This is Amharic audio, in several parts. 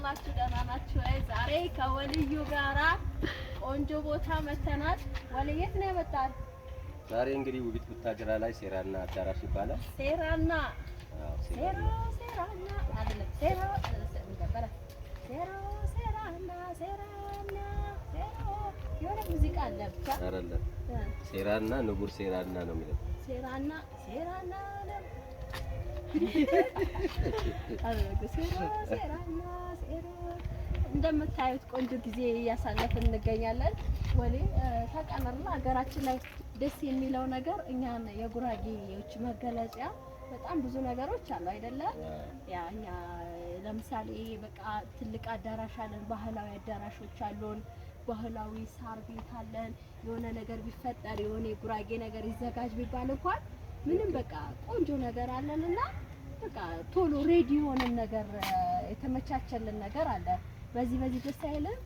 አላችሁ? ደህና ናችሁ? ዛሬ ከወልዩ ጋራ ቆንጆ ቦታ መተናል። ወልየት ነው የመጣል። ዛሬ እንግዲህ ውቢት ቡታጅራ ላይ ሴራና አዳራሽ ይባላል። ሴራና ሴራና አይደለም ሴራ ሴራና ሴራና የሆነ ሙዚቃ አለ ብቻ ሴራና ንጉር ሴራና ነው የሚለው ሴራና ሴራና እንደምታዩት ቆንጆ ጊዜ እያሳለፍን እንገኛለን። ወሌ ተቀመርና ሀገራችን ላይ ደስ የሚለው ነገር እኛን የጉራጌዎች መገለጫ በጣም ብዙ ነገሮች አሉ አይደለም? ያ እኛ ለምሳሌ በቃ ትልቅ አዳራሽ አለን፣ ባህላዊ አዳራሾች አሉን፣ ባህላዊ ሳር ቤት አለን። የሆነ ነገር ቢፈጠር የሆነ የጉራጌ ነገር ይዘጋጅ ቢባል እንኳን ምንም በቃ ቆንጆ ነገር አለንና በቃ ቶሎ ሬዲ የሆንን ነገር የተመቻቸልን ነገር አለ። በዚህ በዚህ ደስ አይልም።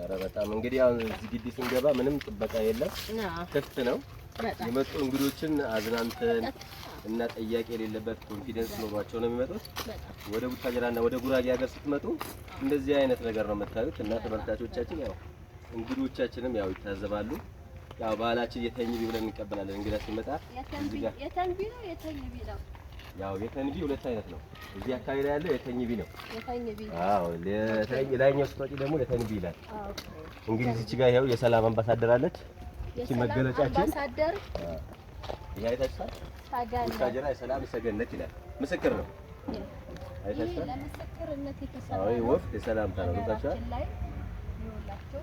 ኧረ በጣም እንግዲህ አሁን እዚህ ግቢ ስንገባ ምንም ጥበቃ የለም፣ ክፍት ነው። የመጡ እንግዶችን አዝናንተን እና ጥያቄ የሌለበት ኮንፊደንስ ኖሯቸው ነው የሚመጡት። ወደ ቡታጅራ ወደ ጉራጌ ሀገር ስትመጡ እንደዚህ አይነት ነገር ነው የምታዩት እና ተመልካቾቻችን ያው እንግዶቻችንም ያው ይታዘባሉ። ያው ባህላችን የተንቢ ብለን እንቀበላለን። እንግዳ ሲመጣ የተንቢ ነው የተንቢ ነው። ያው የተንቢ ሁለት አይነት ነው። እዚህ አካባቢ ላይ ያለው የተንቢ ነው። የተንቢ አዎ የተኝ ላይኛው ስትወጪ ደግሞ የተንቢ ይላል። እንግዲህ እዚች ጋር ያው የሰላም አምባሳደር አለች። እቺ መገለጫችን አምባሳደር ይሄ አይታችኋል። ታጋለ የሰላም ሰገነት ይላል። ምስክር ነው። አይታችኋል። ለምስክርነት የተሰራ ነው። ወፍ የሰላም ታረጋጋቻ ላይ ይወላችሁ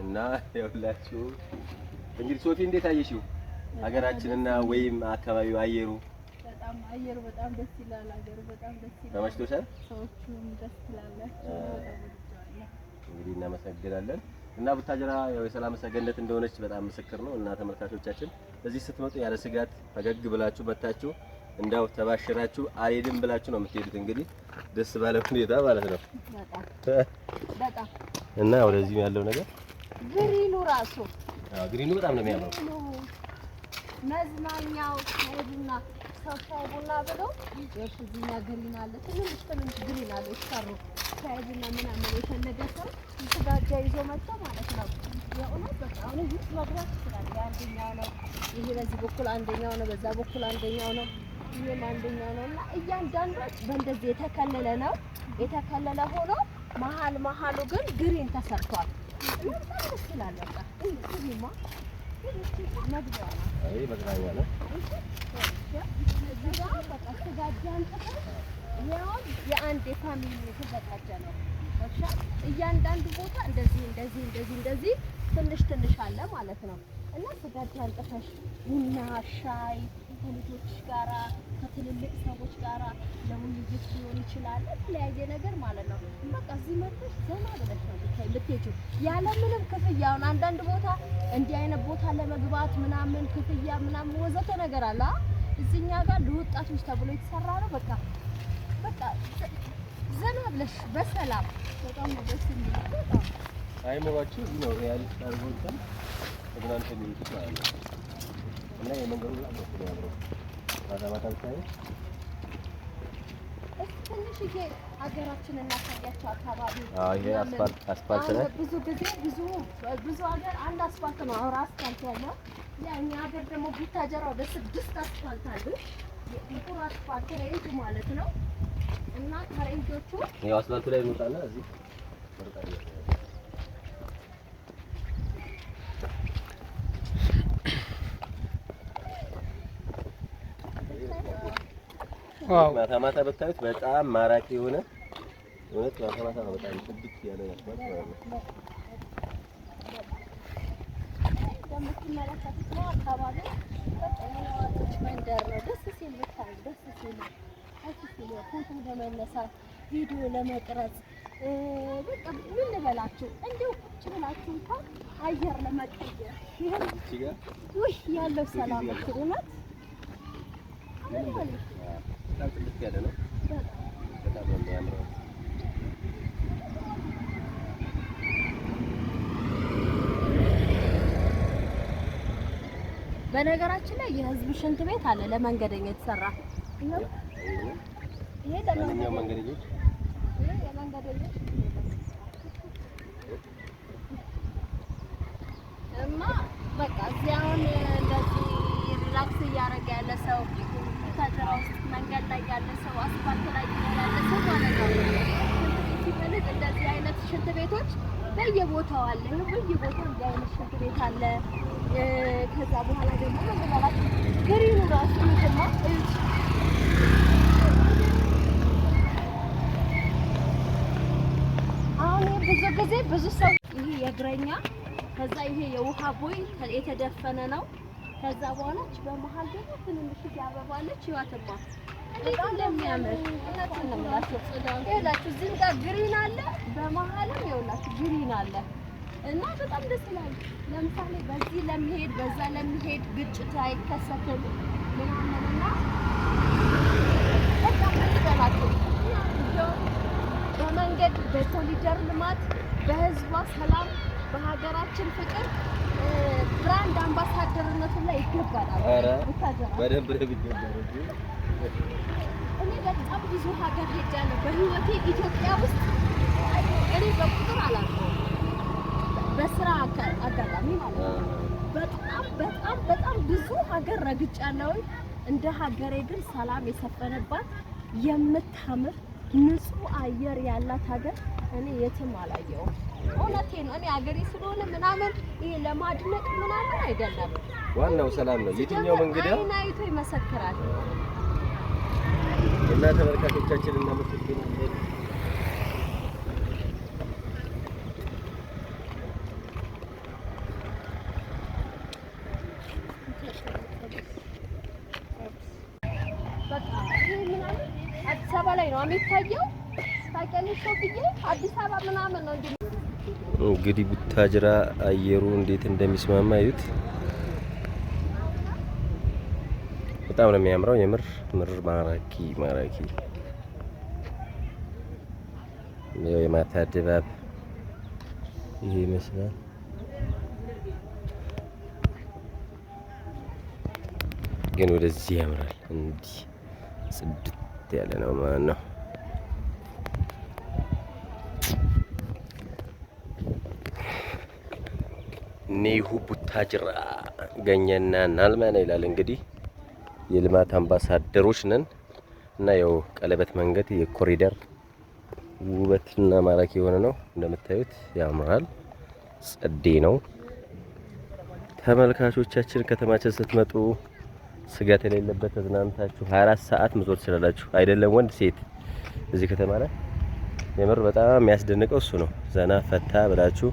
እና ያውላችሁ እንግዲህ ሶፊ እንዴት አየሽው ሀገራችንና ወይም አካባቢው አየሩ? በጣም አየሩ በጣም ደስ ይላል። አገሩ በጣም ደስ ይላል። ተመችቶሻል? ሰዎቹም ደስ እንግዲህ እናመሰግናለን እና ቡታጀራ ያው የሰላም ሰገነት እንደሆነች በጣም ምስክር ነው። እና ተመልካቾቻችን እዚህ ስትመጡ ያለ ስጋት ፈገግ ብላችሁ መታችሁ እንዳው ተባሽራችሁ አልሄድም ብላችሁ ነው የምትሄዱት። እንግዲህ ደስ ባለ ሁኔታ ማለት ነው እና ወደዚህ ያለው ነገር ግሪኑ ራሱ ግሪኑ በጣም ነው የሚያምረው። መዝናኛው ቡና ሰው ሻይ ቡና ብለው የእሱ ቡና ግሪን አለ፣ ትንሽ ትንሽ ግሪን አለ። ይሰሩ ሻይ ቡና ምናምን የፈለገ ሰው ይዞ ማለት ነው። የእውነት በቃ አሁን ውስጥ መግባት ይችላል። የአንደኛው ነው ይሄ፣ በዚህ በኩል አንደኛው ነው፣ በዛ በኩል አንደኛው ነው፣ ይህም አንደኛው ነው እና እያንዳንዱ በእንደዚህ የተከለለ ነው። የተከለለ ሆኖ መሀል መሀሉ ግን ግሪን ተሰርቷል። የአንድ የፋሚሊ የተዘጋጀ ነው። እያንዳንዱ ቦታ እንደዚህ እንደዚህ እንደዚህ እንደዚህ ትንሽ ትንሽ አለ ማለት ነው እና ስጋጃ አንጥፈሽ ቡና ሻይ ከልጆች ጋራ ከትልልቅ ሰዎች ጋራ ለውይይት ሊሆን ይችላል፣ የተለያየ ነገር ማለት ነው። እዚህ መጥተሽ ዘና ብለሽ ነው ብታይ ልትሄጂው ያለምንም ክፍያ። አሁን አንዳንድ ቦታ እንዲህ አይነት ቦታ ለመግባት ምናምን ክፍያ ምናምን ወዘተ ነገር አለ። እዚህኛ ጋር ለወጣቶች ተብሎ የተሰራ ነው። በቃ በቃ ዘና ብለሽ በሰላም በጣም ደስ የሚለው። በጣም አይምሯችሁ እዚህ ነው ሪያሊስት አድርጎታል። ተግናንተ ሊሄዱ ማለት እና የመንገዱ ላ ነው ማታ ማታ ብታይ ትንሽዬ ሀገራችን እናሳያቸው አካባቢ አስፋልት ነው። ብዙ ጊዜ ብዙ ብዙ ሀገር አንድ አስፋልት ነው አሁን አስፋልት ያለው እኛ ሀገር ደግሞ ቡታጀራ ወደ ስድስት አስፋልት አሉ። ጥቁር አስፋልት ሬንጅ ማለት ነው እና ከሬንጆቹ ያው አስፋልቱ ላይ እንወጣና እዚህ ማታ ማታ በታዩት በጣም ማራኪ የሆነ እውነት ማታ ማታ ነው በጣም ጥብቅ ያለ ነው። ፎቶ ለመነሳት ቪዲዮ ለመቅረጽ በቃ ምን ልበላችሁ እንደው ቁጭ ብላችሁ እንኳን አየር ለመቀየር ይሄን ያለው ሰላም እውነት በጣም ጥልቅ ያለ ነው። በጣም ነው የሚያምረው። በነገራችን ላይ የህዝብ ሽንት ቤት አለ ለመንገደኛ የተሰራ ይሄ ለማንኛውም መንገደኞች እማ በቃ እዚህ አሁን እንደዚህ ሪላክስ እያደረገ ያለ ሰው መንገድ ላይ ያለ ሰው አስፋልት ላይ ያለ ሰው ማለት ነው። ሲፈልግ እንደዚህ አይነት ሽንት ቤቶች በየቦታው አለ። ይሄ በየቦታው እንዲህ አይነት ሽንት ቤት አለ። ከዛ በኋላ ደግሞ መበላላት ግሪኑ ራሱ ምንድን አሁን ብዙ ጊዜ ብዙ ሰው ይሄ የእግረኛ ከዛ ይሄ የውሃ ቦይ የተደፈነ ነው። ከዛ በኋላች በመሀል ደግሞ ትንንሽ አበባለች ይዋትማ በጣም የሚያምር ይኸውላችሁ እዚህም ጋር ግሪን አለ፣ በመሀልም ይኸውላችሁ ግሪን አለ እና በጣም ደስ ይላል። ለምሳሌ በዚህ ለሚሄድ በዛ ለሚሄድ ግጭት አይከሰትም ምናምን እና በመንገድ በኮሪደር ልማት በህዝቧ ሰላም በሀገራችን ፍቅር ብራንድ አምባሳደርነቱ ላይ ይገባል። እኔ በጣም ብዙ ሀገር ሄጃለሁ በህይወቴ። ኢትዮጵያ ውስጥ እኔ በቁጥር አላውቀውም፣ በስራ አጋጣሚ ማለት ነው። በጣም በጣም በጣም ብዙ ሀገር ረግጫለሁ። እንደ ሀገሬ ግን ሰላም የሰፈነባት የምታምር ንጹህ አየር ያላት ሀገር እኔ የትም አላየውም። እውነቴ ነው። እኔ ሀገሬ ስለሆነ ምናምን ይሄ ለማድነቅ ምናምን አይደለም። ዋናው ሰላም ነው። የትኛው መንገድ አይቶ ይመሰክራል። እና ተመልካቾቻችን እናመሰግናለን። አዲስ አበባ ላይ ነው የሚታየው። እንግዲህ። ቡታጅራ አየሩ እንዴት እንደሚስማማ እዩት። በጣም ነው የሚያምረው። የምር ምር ማራኪ ማራኪ የማታ ድባብ ይሄ ይመስላል። ግን ወደዚህ ያምራል። እንዲህ ጽድት ያለ ነው ማለት ነው። ኒሁ ቡታጅራ ገኘና ናልማ ነው ይላል እንግዲህ የልማት አምባሳደሮች ነን እና ያው ቀለበት መንገድ የኮሪደር ውበትና ማራኪ የሆነ ነው። እንደምታዩት ያምራል፣ ጸዴ ነው። ተመልካቾቻችን ከተማችን ስትመጡ ስጋት የሌለበት ተዝናንታችሁ 24 ሰዓት መዞር ትችላላችሁ። አይደለም ወንድ ሴት እዚህ ከተማ ላይ የምር በጣም የሚያስደንቀው እሱ ነው። ዘና ፈታ ብላችሁ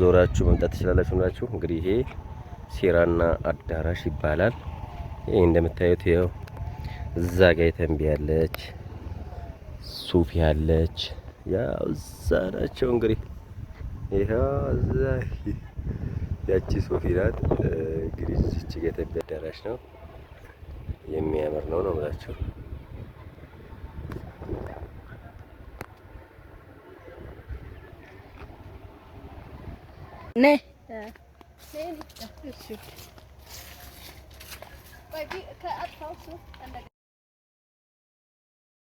ዞራችሁ መምጣት ትችላላችሁ ናችሁ። እንግዲህ ይሄ ሴራና አዳራሽ ይባላል። ይህ እንደምታዩት ይኸው እዛ ጋ የተንቢ ያለች ሱፍ ያለች ያው እዛ ናቸው እንግዲህ ይኸው እዛ ያቺ ሶፊ ናት እንግዲህ እዚህ የተንቢ አዳራሽ ነው የሚያምር ነው ነው ብላችሁ ነ Bei wie, ab, du an der